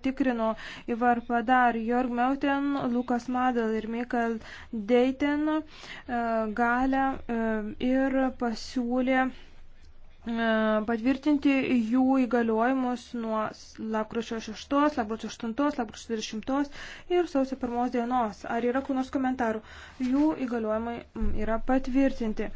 tikrino Ivar Padar, Jorg Meuten, Lukas Madel ir Mikael Deiten e, galę e, ir pasiūlė e, patvirtinti jų įgaliojimus nuo lapkričio 6, lapkričio 8, lapkričio 20 ir sausio 1 dienos. Ar yra kunos komentarų? Jų įgaliojimai mm, yra patvirtinti.